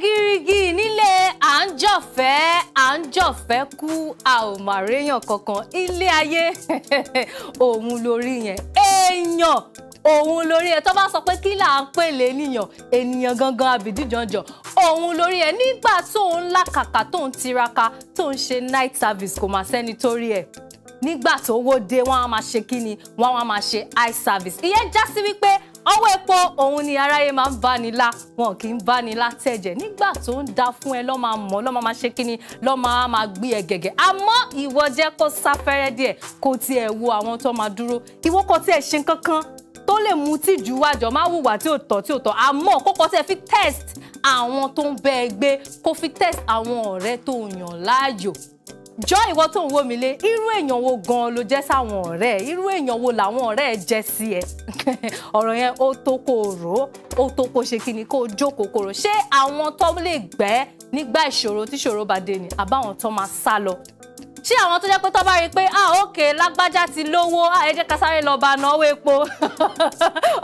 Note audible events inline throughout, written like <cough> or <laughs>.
gírígì nílé à ń jọ̀fẹ́ à ń jọ̀fẹ́ kú a ò mà réyàn kankan ilé ayé <laughs> òun lórí yẹn èèyàn òun lórí ẹ tó bá sọ pé kí là ń pèlè níyàn ènìyàn gangan àbìdíjànjàn òun lórí ẹ nígbà tóun làkàkà tóun tiraka tóun ṣe night service kò máa sẹ́ni torí ẹ nígbà tó wó dé wọ́n á máa ṣe kí ni wọ́n á máa ṣe eye service ìyẹn já sí wípé ọwọ́ epo òun ni aráyé máa ń bá ni lá wọn kì í bá ni lá tẹ̀jẹ̀ nígbà tó ń da fún ẹ lọ́ máa mọ̀ lọ́ máa ṣe kíni lọ́ máa máa gbé ẹ gẹ̀gẹ̀ àmọ́ ìwọ jẹ́ kó sáfẹ́rẹ́ díẹ̀ kó tiẹ̀ wo àwọn tó máa dúró ìwọ kò tiẹ̀ ṣe kankan tó lè mu tí jù wájọ má wùwà tí ò tọ́ tí ò tọ́ àmọ́ kókó tẹ̀ fi test àwọn tó ń bẹ ẹgbẹ́ kó fi test àwọn ọ̀rẹ́ tó yàn láàyò jọ ìwọ tó ń wò mí lé irú èèyàn wo gan ló jẹ́ sáwọn ọ̀rẹ́ ẹ irú èèyàn wo làwọn ọ̀rẹ́ ẹ jẹ́ sí ẹ <laughs> ọ̀rọ̀ yẹn ó tó kó o rò ó tó kó o ṣe kí ni kó o jókòó kó o rò ṣé àwọn tó lè gbẹ́ nígbà ìṣòro tí ìṣòro bá dé ni àbáwọn tó máa sá lọ ṣé àwọn tó jẹ́ pé tó bá rí i pé ah ok lágbájá ti lówó ah ẹ jẹ́ ká sáré lọ bá ná owó epo <laughs>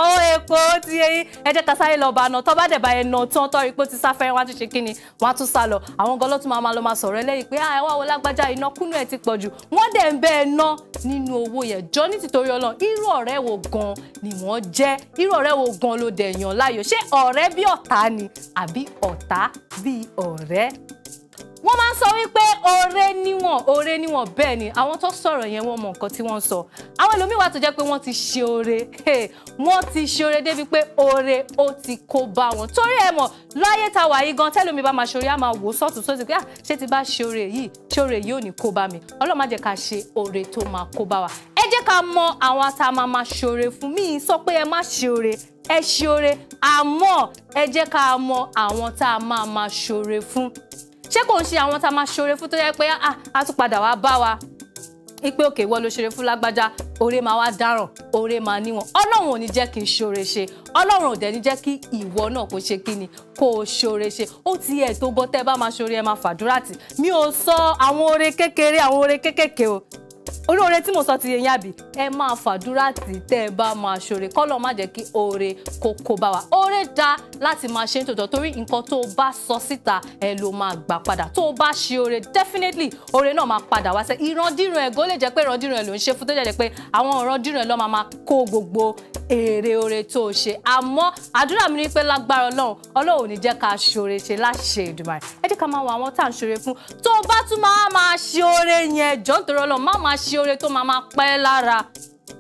owó epo ti eyín ẹ jẹ́ ká sáré lọ bá ná tó bá dẹ̀ bá ẹ nà tán tó rí i pé ó ti sáfẹ́ wọ́n á tún ṣe kí ni wọ́n á tún sá lọ àwọn gan lọ́tún máa lọ máa sọ̀rọ̀ ẹlẹ́yìn pé ah ẹ wo lágbájá ìnákúnú ẹ̀ ti pọ̀ jù wọ́n dẹ̀ ń bẹ́ ná nínú owó yẹn jọ ní tìtorí ọlọ́run irú ọ̀rẹ́ wo gan ni wọ́n jẹ́ irú ọ̀rẹ́ wo gan ló dẹ̀ yàn láàyò ṣé ọ̀rẹ́ wọ́n máa ń sọ wípé oore níwọ̀n oore níwọ̀n bẹ́ẹ̀ ni àwọn tó sọ̀rọ̀ yẹn wọ́n mọ nǹkan tí wọ́n ń sọ àwọn ẹlòmíín wà tó jẹ́ pé wọ́n ti ṣe oore wọ́n ti ṣe oore débi pé oore ó ti kó bá wọn torí ẹ mọ̀ láyé tá wà yìí gan tẹ́lómi bá máa ṣe oore á máa wò sọ́ọ̀tún sósì pé ah, ṣé ti bá ṣe oore yìí ṣe oore yìí ò ní kó bá mi ọlọ́run má jẹ́ ká ṣe oore tó máa kó bá wa ẹ jẹ́ ká mọ àwọn àtàmà máa ṣe oore fún mi sọ pé ẹ má ṣe ká mọ àwọn tá a máa máa ṣoore fún ṣé kò ń ṣe àwọn tá a máa ṣoore fún tó yẹ pé ah, a tún padà wá bá wa ipe òkè ìwọ ló ṣeré fún lágbájá oore máa wá dáràn oore máa níwọ̀n ọlọ́run ò ní jẹ́ kí n ṣoore ṣe ọlọ́run ò dẹ̀ ní jẹ́ kí ìwọ náà kó ṣe kí ni kó o ṣoore ṣe ó ti ẹ̀ tó gbọ́ tẹ́ bá máa ṣoore ẹ máa fàdúrà tì mí ò sọ àwọn oore kékeré àwọn oore kékèké o olóore tí mo sọ ti yẹn àbí ẹ máa fàdúrà tí tẹ́ ẹ bá máa ṣoore kọ́lọ̀ má jẹ́ kí oore kó kó bá wa oore dá láti máa ṣe nítòótọ́ torí nǹkan tó o bá sọ síta ẹ ló máa gbà padà tó o bá ṣe oore definitely oore náà máa padà wá sẹ ìrandíran ẹ̀gọ́ lè jẹ́ pé ìrandíran ẹ̀ ló ń ṣe fún tó jẹ́ pé àwọn ìrandíran ẹ̀ lọ́ máa máa kó gbogbo èrè oore tó o ṣe àmọ́ àdúrà mi ni pé lágbára ọlọ́run ọlọ́run ò ní jẹ́ ká ṣoore ṣe láṣẹ Èdùmàrè ẹ jẹ́ ká máa wọ àwọn tá à ń ṣoore fún tó o bá tún máa máa ṣe oore yẹn jọ́ nítorí máa ṣe ṣoore tó máa máa pẹ́ lára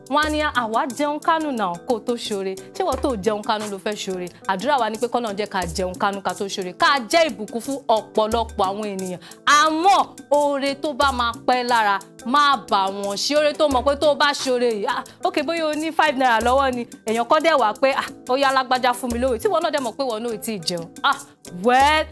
wọn ní àwa jẹun kánú náà kó tó ṣoore ṣé wọn tó jẹun kánú ló fẹ́ ṣoore àdúrà wa ni pé kọ́nà jẹ́ ká jẹun kánú ká tó ṣoore ká jẹ́ ìbùkún fún ọ̀pọ̀lọpọ̀ àwọn ènìyàn àmọ́ oore tó bá máa pẹ́ lára máa bà wọ́n ṣe oore tó mọ̀ pé tó bá ṣoore yìí ok bóyá o ní five naira lọ́wọ́ ni èèyàn kọ́ dẹ̀ wá pé ó yá alágbájá fún mi lówó tí wọn náà dẹ̀ mọ̀ pé wọn náà ti jẹun ah well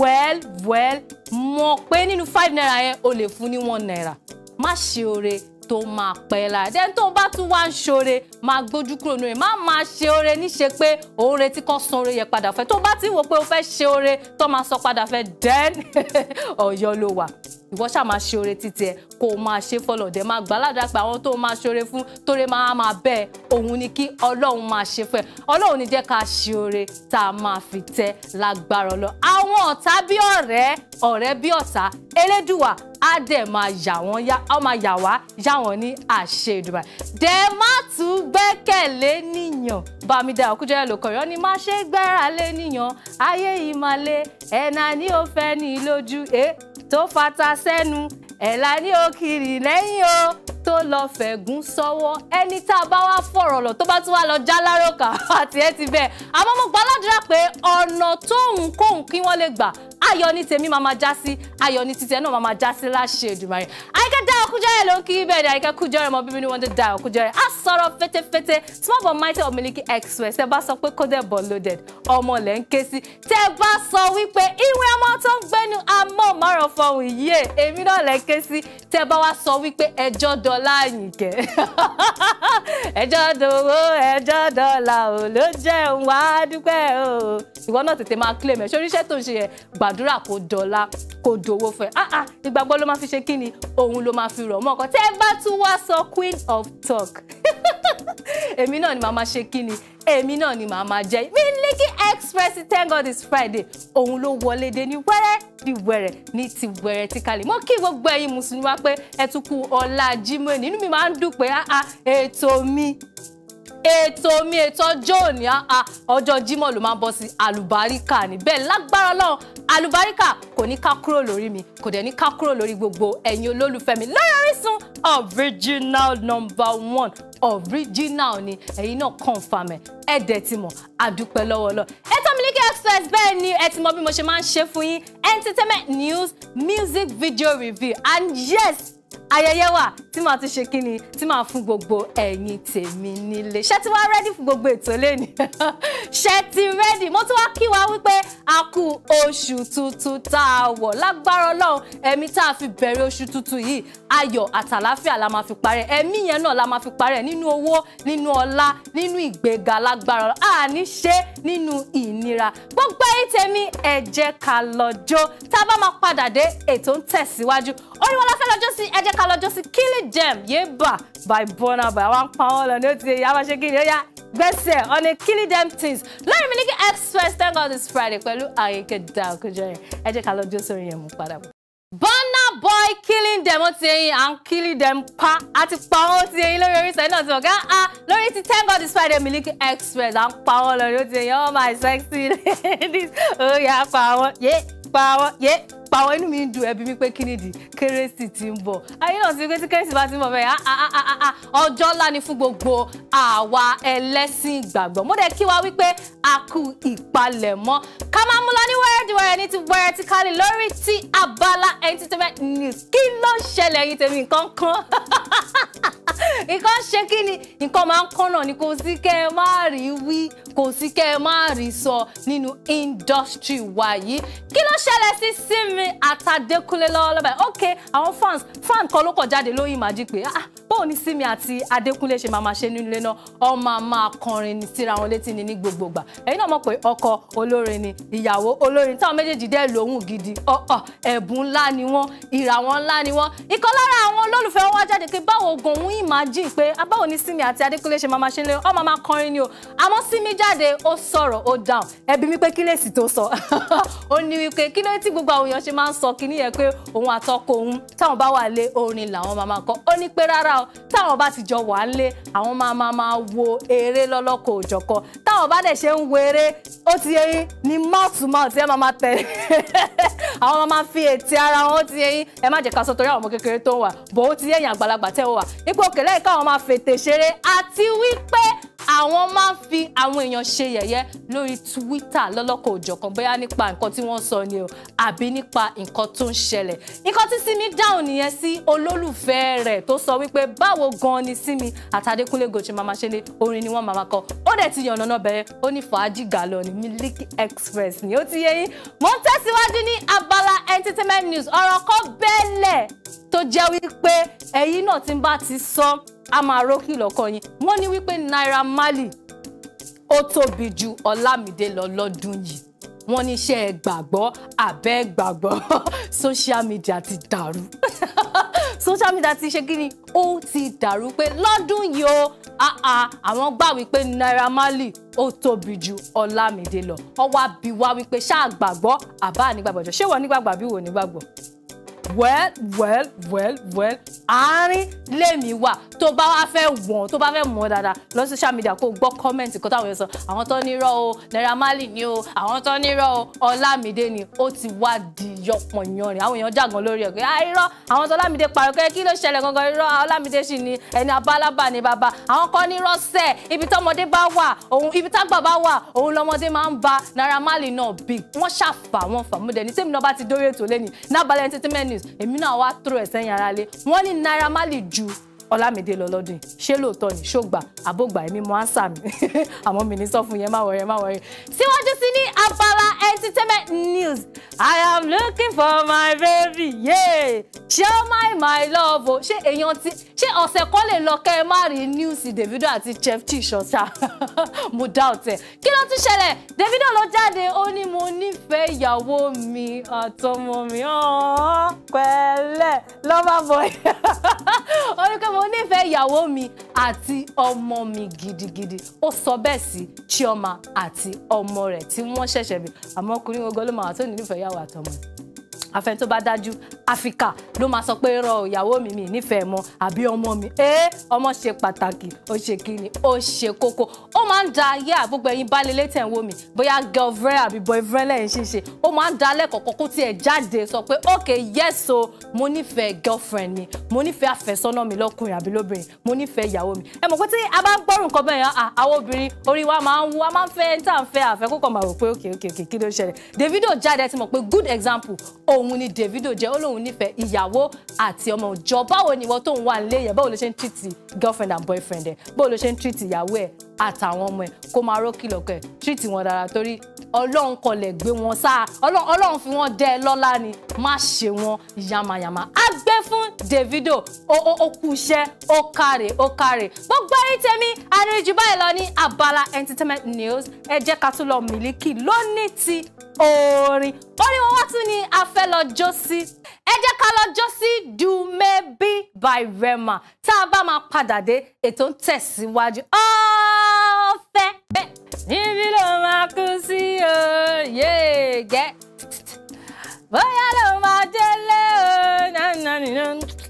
well well mọ̀ pé nínú five naira yẹn o lè fún ní one naira má ṣe oore tó máa pẹ́ lára dẹ́n tó bá tún wá ń ṣoore máa gbójú kúrò nínú rẹ̀ má máa ṣe oore níṣe pé òun retí kan san oore yẹn padà fẹ́ tó bá ti wò pé o fẹ́ ṣe oore tó máa sọ padà fẹ́ dẹ́n <laughs> ọ̀yọ́ ló wà ìwọ ṣáà máa ṣe oore títí ẹ kó o máa ṣe fọlọ̀dẹ máa gbàládà pé àwọn tó o máa ṣoore fún tóore máa máa bẹ́ẹ̀ òun ni kí ọlọ́run máa ṣe fún ẹ ọlọ́run ní jẹ́ ká ṣe oore tá a máa fi tẹ́ lágbára ọlọ àwọn ọ̀tá bí ọ̀rẹ́ ọ̀rẹ́ bí ọ̀tá elédùwà á dẹ̀ máa yà wọ́n yá á máa yà wá yá wọ́n ní àṣẹ ìdùbà. dẹ̀ má tún gbẹ́kẹ̀lé níyàn bámidá ọ̀kújẹ́rẹ́ ló kọ̀yọ́ ni má ṣe gbẹ́ra lé níyàn ayé ìmàlẹ́ ẹ̀nà ni ó fẹ́ ní lójú. Eh? tó fata sẹ́nu ẹ̀la ní òkìrì lẹ́yìn o tó lọ fẹ̀gún sọ́wọ́ ẹni tá a bá wá fọ̀rọ̀ lọ tó bá tún wá lọ já láròkà <laughs> àti ẹ ti bẹ́ẹ̀ àmọ́ mo gbàládùra pé ọ̀nà tóun kóun kí wọ́n lè gbà ayọ̀ ní tèmi máa máa já sí ayọ̀ ní títẹ náà máa máa já sí láṣẹ Èdùmàrè Àyìnkẹ́ Dayọ̀ Kújẹ́rẹ́ ló ń kí bẹ́ẹ̀ ni Àyìnkẹ́ Kújẹ́rẹ́ ọmọ bíbí ni wọ́n dé Dayọ̀ Kújẹ́rẹ́ á sọ̀rọ̀ fetefete small but mighty of Miliki Express tẹ́ bá sọ pé coded but loaded ọmọ lẹ́ ń ké sí tẹ́ bá sọ wípé ìwé ọmọ tó ń gbẹ́nu amóhùnmáwòrán fọhùn yíyé èmi náà lẹ́ ń ké sí tẹ́ bá wá sọ wípé ẹjọ́ dọ́là Àyìnkẹ́ <laughs> ẹjọ́ dòwó ẹjọ́ dọ́là ò ló jẹun wá dúpẹ́ o ìwọ náà tètè máa claim ẹ̀ sórí tó ń ṣe yẹn gbàdúrà àdúrà kò dọ̀la kò dòwò fún ẹ ah ah ìgbàgbọ́ ló máa fi ṣe kí ni òun ló máa fi rọ̀ mọ́ ọkàn tẹ́ bá tún wá sọ queen of talk <laughs> èmi náà ni màá máa ṣe kí ni èmi náà ni màá máa jẹ Miliki Express thank God it's Friday òun ló wọlé dé ní wẹ́rẹ́ di wẹ́rẹ́ ní ti wẹ́rẹ́ ti kalẹ̀ mo kí gbogbo ẹ̀yin mùsùlùmí wá pé ẹ tún kú nínú mi máa ń dùn pé ah ah ètò mi ètò mi ètò ọjọ́ òní àá ọjọ́ Jímọ̀ ló máa ń bọ́ sí àlùbáríkà níbẹ̀ lágbára lọ́run àlùbáríkà kò ní ká kúrò lórí mi kò dẹ̀ ní ká kúrò lórí gbogbo ẹ̀yin olólùfẹ́ mi lórí Orísun original number one original ni ẹ̀yin náà confam ẹ̀ ẹ̀ dẹ̀ ti mọ̀ àdúpẹ́ lọ́wọ́ lọ. ètò Miliki Express bẹ́ẹ̀ ni ẹ ti mọ bí mo ṣe máa ń ṣe fún yín entertainment news music video review and yes ayẹyẹ wà tí màá ti ṣe kíni tí màá fún gbogbo ẹ̀yin tèmi nílé ṣé ti wá rẹ́dí fún gbogbo ètò lẹ́nu <laughs> ṣé ti rẹ́dí mo tún wá kí wa wípé a kú oṣù tuntun tá a wọ̀ lágbára ọlọ́run ẹ̀mí tá a fi bẹ̀rẹ̀ oṣù tuntun yìí ayọ̀ àtàláfíà la máa fi parẹ́ ẹ̀mí yẹn náà la máa fi parẹ́ nínú owó nínú ọlá nínú ìgbéga lágbára ọlọ́run àní ṣe nínú ìnira gbogbo ẹ̀yin tèmi ẹ jẹ́ ká lọ jó tá a bá máa padà dé ètò ń tẹ̀síwájú oríwọlá fẹ́ lọ́jọ́ sí ẹ jẹ́ ká lọ́jọ́ sí Kill It Dem Yeba by Burna Boy àwọn pa wọn lọ ní ó ti yẹ yàrá ṣe kí ni ó yá gbẹ́sẹ̀ on a Kill It Dem things lórí Miliki Express thank God this Friday pẹ̀lú àyíké dá òkújọ yẹn ẹ jẹ́ ká lọ́jọ́ sórí yẹn mú padà Boy killing them ó ti ẹyin à killing them pa àti pa wọn ó ti ẹyin lórí Orísun náà ti ọ̀gá a ah, lórí ti thank God this Friday Miliki Express à ń pa wọn lọ ní ti ẹyin all oh my sexy <laughs> ladies ó yà pa wọn yé pa wọn yé pa ọ inú mi ń dùn ẹbí mi pé kí nìdí kérésì ti ń bọ̀ ayé náà ti pé tí kérésì bá ti ń bọ̀ bẹ́ẹ̀ ah, ah, ah, ọjọ́ ńlá ni fún gbogbo àwa ẹlẹ́sìn ìgbàgbọ́ mo dẹ̀ kí wa wípé a kú ìpalẹ̀mọ́ ká máa mú lọ ní wẹ́rẹ́díwẹ́rẹ́ ní ti vertically lórí ti abala entertainment news kí ló ṣẹlẹ̀ yìí tèmi nǹkan kan <laughs> nǹkan ṣe kí ni nǹkan máa ń kọ́nà ni kò sí kẹ́ ẹ má rí wí kò sí kẹ́ ẹ má rí sọ nínú industry wa yìí kí ló ṣẹlẹ̀ sí Simi àtàdékúnlé lọ́wọ́lọ́wọ́ báyìí ok àwọn fans fan kan ló kọ̀ jáde lóyún màjí pé ah bóun ni Simi àti Adékúnlé ṣe máa máa ṣe nínú ilé náà ọmọ máa máa kọrin síra wọn létí ni ní gbogbo ìgbà náà mọ̀ pé ọkọ olórin ni ìyàwó olórin táwọn méjèèjì dẹ́ lòun gidi ọ̀ọ̀ ẹ̀bùn ńlá ni wọ́n ìràwọ̀ ńlá ni wọ́n ìkan lára àwọn olólùfẹ́ wọn wá jáde pé báwo gan òun imagine pé ah, báwo ni Simi àti Adékúnlé ṣe máa máa ṣe ń lé ọ máa máa kọrin ni o àmọ́ Simi jáde ó sọ̀rọ̀ ó dáhùn ẹbí mi pé kí lèsì tó sọ <laughs> ó ní wípé kí ló tí gbogbo àwọn ṣe máa ń sọ kíní yẹn pé òun àtọkọ òun táwọn bá wà lé orin làwọn máa máa kọ ó ní pé rárá o táwọn bá ti jọ wà lé àwọn máa máa máa wo eré lọ́lọ́kọ̀ òjọ̀kan táwọn bá dẹ̀ ṣe ń wo eré ó ti yẹ yín ní mouth to mouth ẹ máa máa tẹ̀lé <laughs> àwọn ọmọ máa ń fi ètè ara wọn ti ẹyin ẹ má jẹ́ ká sọ torí àwọn ọmọ kékeré tó ń wà bò ó ti ẹ̀yìn àgbàlagbà tẹ́ ó wà ipò òkèlè ìka àwọn máa fètè ṣeré àti wípé àwọn máa ń fi àwọn èèyàn ṣe yẹ̀yẹ́ lórí Twitter lọ́lọ́kọ̀ òjọ̀kan bóyá nípa nǹkan tí wọ́n sọ ni o àbí nípa nǹkan tó ń ṣẹlẹ̀ nǹkan tí Simi dáhùn nìyẹn sí olólùfẹ́ rẹ̀ tó sọ wípé báwo gan ni Simi àtàdékúnlé gòchì mama ṣe lé orin ni wọ́n mama kọ ó dẹ̀ ti yànnàná bẹ̀rẹ̀ ó ní fàájì gàlọ́ ní Miliki Express ni ó ti yẹ yín mò ń tẹ̀síwájú ní ab abala entertainment news ọ̀rọ̀ kan bẹ́ẹ̀lẹ̀ tó jẹ́ wípé ẹ̀yin náà ti bá ti sọ a máa rókì lọ́kàn yín wọ́n ní wípé Naira Marley ó tóbi ju Ọlámídé lọ lọ́dún yìí wọ́n ní ṣé ẹ gbàgbọ́ àbẹ́ <laughs> social media ti dàrú <laughs> social media ti ṣe kí ni ó ti dàrú pé lọ́dún yìí o àwọn gbà wípé Naira Marley ó tóbi ju Ọlámídé lọ ó wá bi wá wípé ṣáà gbàgbọ́ àbá nígbàgbọ́ ṣé wọ́n nígbàgbọ́ àbí wò nígbàgbọ́ well well well well àárín lèmi wà tó bá wá fẹ́ wọ̀n tó bá fẹ́ mọ̀ dáadáa lọ social media kó gbọ́ kọ́mẹ̀ntì kan táwọn yẹn sọ àwọn tó nírọ́ o Naira Marley ni o àwọn tó nírọ́ o Ọlámídé ni ó ti wá di yọpọ̀nyọrin àwọn èèyàn jàgàn lórí ẹ̀ pé ah irọ́ àwọn tó Ọlámídé parọ́ kẹ́ kí ló ṣẹlẹ̀ gangan irọ́ Ọlámídé sì ni ẹni abálábà ni bàbá àwọn kan nírọ́ sẹ̀ ibi tọ́mọdé bá wà òun ibi tágbà bá wà òun lọ́mọdé máa ń ba Naira Marley náà big wọ́n ṣàfà wọn fà mú dẹ̀ ní tèmi náà bá ti dórí ètò minutes èmi náà wá throw ẹ̀ sẹ́yìn ara lé wọ́n ní Naira Marley ju Ọlámídé lọ lọ́dún yìí ṣé lóòótọ́ ni ṣògbà àbògbà èmi mọ ánsà mi <laughs> àmọ́ mi ní sọ fún yẹn má wọ̀rẹ́ má wọ̀rẹ́. síwájú sí ní abala entertainment news I am looking for my baby yeah show my my love o ṣé èèyàn ti ṣé ọ̀sẹ̀ kan lè lọ kẹ́ ẹ má rí news Davido àti Chef T ṣọ́ṣà <laughs> mo doubt ẹ̀ kí ló tún ṣẹlẹ̀ Davido ló jáde ó ní mo nífẹ̀ẹ́ ìyàwó mi àtọmọ mi ọ̀ọ́ pẹ̀lẹ́ lover boy <laughs> ó ní pé mo mo nífẹ̀ẹ́ ìyàwó mi àti ọmọ mi gidigidi ó sọ bẹ́ẹ̀ sí Chioma àti ọmọ rẹ̀ tí wọ́n ṣẹ̀ṣẹ̀ bí àmọ́ ọkùnrin ogun ló máa tó nífẹ̀ẹ́ ìyàwó àtọmọ afẹ́ tó bá dájú áfíríkà ló máa sọ pé rọ ìyàwó mi mi nífẹ̀ẹ́ mọ́ àbí ọmọ mi ẹ ọmọ ṣe pàtàkì ó ṣe kíni ó ṣe kókó ó máa ń da ayé àgbógbó ẹyin bálẹ̀lẹ́ tẹ̀ ń wò mí bóyá girlfriend àbí boyfriend lẹ́yìn ṣíṣe ó máa ń da lẹ́kọ̀ọ́kọ́ kó tiẹ̀ jáde sọ pé ok yes o mo nífẹ̀ẹ́ girlfriend mi mo nífẹ̀ẹ́ àfẹ́sọ́nà mi lọ́kùnrin àbí lóbìnrin mo nífẹ̀ẹ́ ìyàwó mi ẹ mọ̀ pé tí a bá gbọ́rùn kan bẹ́ẹ̀ yẹn àwọn obìnrin orí wa máa ń wú a máa ń fẹ́ tá à ń fẹ́ àfẹ́kọ́kọ́ máa rò pé ok ok ok kí ló ṣẹlẹ̀ Davido jáde ti mọ̀ pé good example òun òun ni Davido jẹ́ ó lóun nífẹ̀ẹ́ ìyàwó àti ọmọ òjọ́ báwo ni ìwọ tó ń wà nílé yẹn báwo ló ṣe ń treat girlfriend and boyfriend ẹ̀ báwo ló ṣe ń treat ìyàwó ẹ̀ àtàwọn ọmọ ẹ̀ kó máa rókìlọ̀kọ̀ ẹ̀ treat wọn dára torí ọlọ́run kọlẹ̀ gbé wọn sáà ọlọ́run fi wọ́n dẹ́ ẹ lọ́lá ni má ṣe wọn yamayama á gbé fún Davido ó kú iṣẹ́ ó kárè ó kárè gbogbo ẹ̀yin tèmi àríjú báyìí lọ ní abala entertainment news ẹ jẹ́ ká tún lọ mílíkì lónìí ti orin orin wọn wá tún ni a fẹ́ lọ jó sí ẹ jẹ́ ká lọ jó sí Dumebi by Rema tá a bá máa padà dé ètò ń tẹ̀síwájú ọ̀fẹ́ bẹ́ẹ̀ níbi ló máa kú sí òye gẹ́ bóyá ló máa délé o nánánínà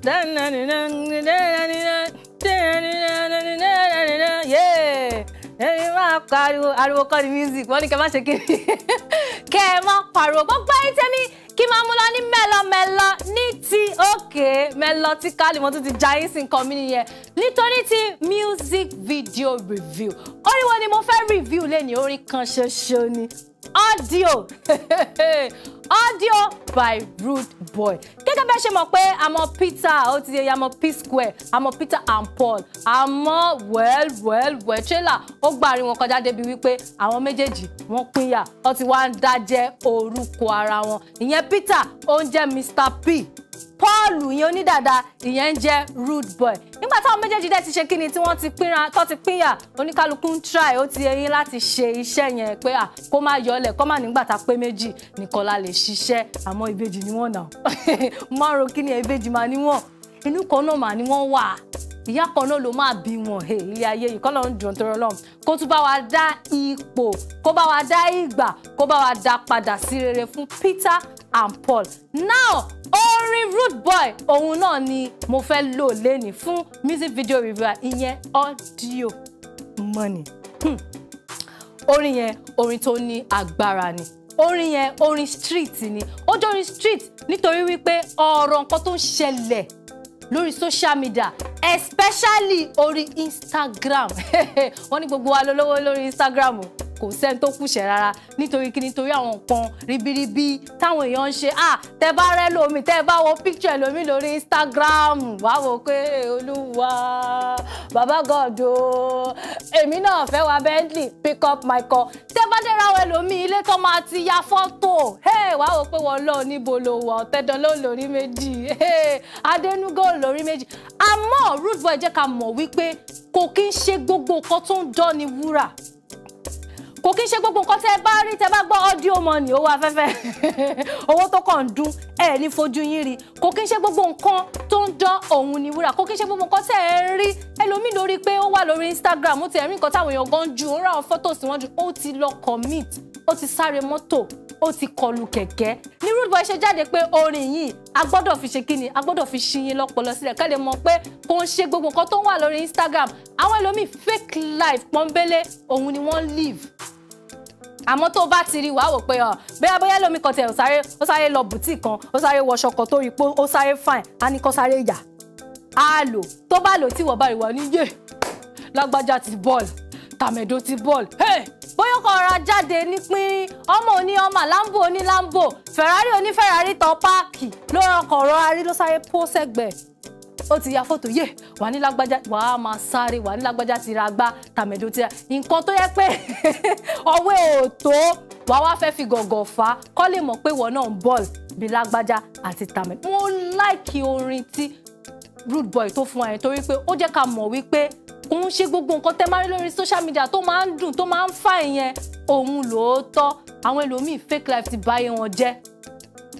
nánánínà nánánínà nánánínà yéé ẹni máa pariwo ariwo kọ́ ni music wọ́n ní kẹ́ má ṣe kiri kẹ́ ẹ má pariwo gbogbo ayé tẹ́mi kí máa mú lọ ní mẹ́lọmẹ́lọ ní ti òkè mẹ́lọ tí kálí mo tún ti jayé sí nǹkan mi nìyẹn nítorí ti music video review orin wo ni mo fẹ́ review lẹ́ni orin kan ṣoṣo ni audio <laughs> audio by Rude boy gẹ́gẹ́ bẹ́ẹ̀ ṣe mọ̀ pé àmọ́ Peter ó ti yẹ àmọ́ P Square àmọ́ Peter and Paul àmọ́ well well well trailer ó gba àárín wọn kọjá débi wípé àwọn méjèèjì wọ́n pínyà ó wá ń dájẹ́ orúkọ ara wọn ìyẹn Peter ó ń jẹ́ Mr P Paul ìyẹn onídàáda ìyẹn ń jẹ́ rude boy nígbà táwọn méjèèjì dẹ̀ ti ṣe kíni tí wọ́n ti pínra tó ti pínyà oníkálukú ń try ó ti eyín láti ṣe iṣẹ́ yẹn pé à kó má yọlẹ̀ kó má nígbà tá pé méjì nìkan la lè ṣiṣẹ́ àmọ́ ìbejì ni wọ́n nà <laughs> márùn kíni ìbejì máa ní wọ́n inú kan náà máa ní wọ́n wà ìyá kan náà ló máa bí wọn ilé ayé yìí kọ́lọ́ ń dùn tó rọlọ́run kó tún bá wa dá ipò kó bá wa dá ìgbà kó bá wa dá padà sí rere fún Peter and Paul now orin rude boy òun náà ni mo fẹ́ lò lẹ́nìí fún music video reviewer ìyẹn audio money hmm. orin yẹn orin tó ní agbára ni orin yẹn orin street ni ó jẹ́ orin street nítorí wípé ọ̀rọ̀ nǹkan tó ń ṣẹlẹ̀ lórí social media especially orí Instagram <laughs> wọ́n ní gbogbo wa lólówó lórí Instagram o kò sẹ́ni tó kùsẹ̀ rárá nítorí kí nítorí àwọn nǹkan ribiribi táwọn èèyàn ń ṣe ah tẹ bá rẹ lómi tẹ bá wo picture lómi lórí Instagram wàá wò pé olúwa bàbá gọ̀dọ̀ èmi náà fẹ́ wa Bentley pick up my call tẹ bá dẹ́ra wẹ lómi ilé tó máa ti ya fọ́tò wàá wò pé wọ́n lọ níbo ló wà ọ̀tẹ́dán ló lórí méjì adẹnugọ́ lórí méjì àmọ́ rude boy jẹ́ ká mọ̀ wípé kò kí ń ṣe gbogbo nǹkan tó ń dán ni wúrà kò kí n ṣe gbogbo nǹkan tẹ́ bá rí tẹ́ bá gbọ́ audio money owó afẹ́fẹ́ <laughs> owó tó kàn ń dún ẹ̀ ní fojú yín rí kò kí n ṣe gbogbo nǹkan tó ń dán òun ní wúrà kò kí n ṣe gbogbo nǹkan tẹ́ ẹ rí ẹlòmíì lórí pé ó wà lórí Instagram ó ti ẹ̀rí nǹkan táwọn èèyàn gan ju ó ra àwọn photos wọn ju ó ti lọ commit ó ti sáré mọ́tò ó ti kọlu kẹ̀kẹ́ ní rude boy ṣe jáde pé orin yìí a gbọ́dọ̀ fi ṣe kíni a gbọ́dọ̀ fi ṣiyin lọ́pọlọ sílẹ̀ ká lè mọ̀ pé kò ń ṣe gbogbo nǹkan tó ń wà lórí Instagram àwọn ẹlòmíì fake life pọ́nbélé òun ni wọ́n live àmọ́ tó bá ti rí wàá wò pé ah, bóyá bóyá lómi kan tẹ̀ ó sáré ó sáré lọ bùtíì kan ó sáré wọṣọ kan tó rí pé ó sáré fine á ní kó sáré yà á lò tó bá lò tí wọ́n bá rí wà ní yé lágbájá ti bọ́ọ̀lù tàmẹ̀dó ti bọ́ọ̀lù bóyá kò ra jáde ní pínrín ọmọ òní ọmọ lambo òní lambo ferrari òní ferrari tó páàkì ló rọkọ̀ rọra rí ló sáré pọ́ sẹ́gbẹ̀ẹ́ ó ti ya fọ́tò yé wà ní lágbájá wà á máa sáré wà ní lágbájá ti ra gbá tàmẹ̀dó ti ra nǹkan tó yẹ pé <laughs> ọwọ́ ò tó wà wá fẹ́ fi gọ̀gọ̀ fà á kọ́ lè mọ̀ pé wọ́n náà ń bọ́ọ̀lù bí lágbájá àti tàmẹ̀dó. mo láìkí orin tí rude boy tó fún wa yẹn torí pé ó jẹ́ ká mọ̀ wípé òun ṣe gbogbo nǹkan tẹ́ máa lórí social media tó máa ń dùn tó máa ń fà yẹn òun lòótọ́ àwọn ẹlòmíì fake life ti báyé wọn jẹ́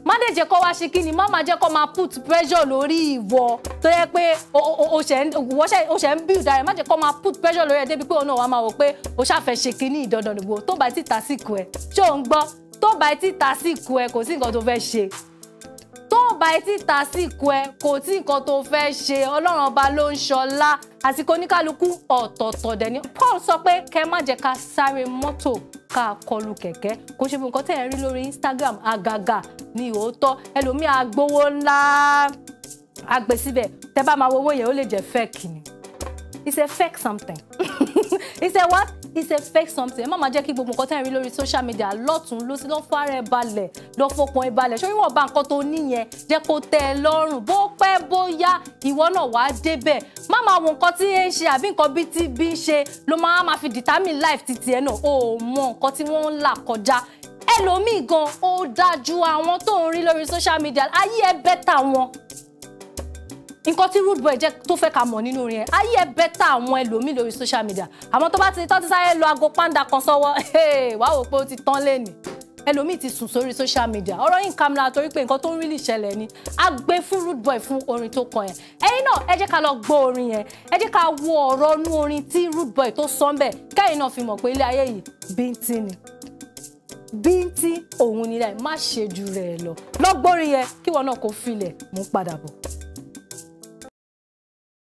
má dẹ̀ jẹ́ kó wá ṣe kí ni má máa jẹ́ kó máa put pressure lórí ìwọ tó yẹ pé o ṣẹ̀ ń build rẹ̀ má jẹ́ kó máa put pressure lórí ẹ̀ débi pé òun náà wàá máa wò pé o ṣàfẹ́ ṣe kí ni ìdandan nìgbò tó bá ti tàsíkù ẹ̀ ṣé ò ń gbọ́ tó bá ti tàsíkù ẹ̀ kò sí nǹkan tó fẹ́ ṣe tó bá ti tàsíkù ẹ̀ kò sí nǹkan tó fẹ́ ṣe ọlọ́run ọba ló ń ṣọlá àsìkò oníkálukú ọ̀tọ̀ọ̀tọ̀ dẹ̀ ni Paul sọ pé kẹ́ má jẹ́ ká sáré mọ́tò ká kọlu kẹ̀kẹ́ kò ṣe fún nǹkan tẹ̀ ń rí lórí Instagram àgàgà ni òótọ́ ẹlòmíì agbowó ńlá agbè síbẹ̀ tẹ́ bá máa wo owó yẹn ó lè jẹ́ fake ni it's a fake something it's <laughs> a what disinfect something ẹ má máa jẹ́ kí gbogbo nǹkan tẹ́ ń rí lórí social media lọ́tún ló sí lọ́n fara ẹ balẹ̀ lọ́ fọkàn ẹ balẹ̀ ṣé wọ́n bá nǹkan tó níyẹn jẹ́ kó tẹ́ ẹ lọ́rùn bó pẹ́ bóyá ìwọ náà wàá débẹ̀ má máa wo nǹkan tí ń ṣe àbí nǹkan bí ti bí ń ṣe ló máa máa fi determine life ti tiẹ̀ náà o mọ nǹkan tí wọ́n ń là kọjá ẹlòmíì gan ó dájú àwọn tó ń rí lórí social media ayé ẹ bẹ́tà wọn nǹkan tí rude boy jẹ́ tó fẹ́ ká mọ̀ nínú orin ẹ̀ ayé ẹ bẹ́tà àwọn ẹlòmíì lórí social media àmọ́ tó bá ti tọ́ ti sáré lo aago panda kan sọ́wọ́ wàá wò pé ó ti tán lẹ́nu ẹlòmíì ti sùn sórí social media ọ̀rọ̀ yìí ń kamra torí pé nǹkan tó ń rílì ṣẹlẹ̀ ni a gbé fún rude boy fún orin tó kọ yẹn ẹ̀yin náà ẹ jẹ́ ká lọ gbọ́ orin yẹn ẹ jẹ́ ká wo ọ̀rọ̀ inú orin tí rude boy tó sọ ń bẹ̀ kẹ́yìn náà fi mọ̀ pé ilé ayé yìí bíntín ni bíntín òun nílẹ̀ má ṣe ju rẹ̀ lọ lọ gbọ́ orin yẹn kí wọn náà kó filẹ̀ mú padà bọ̀.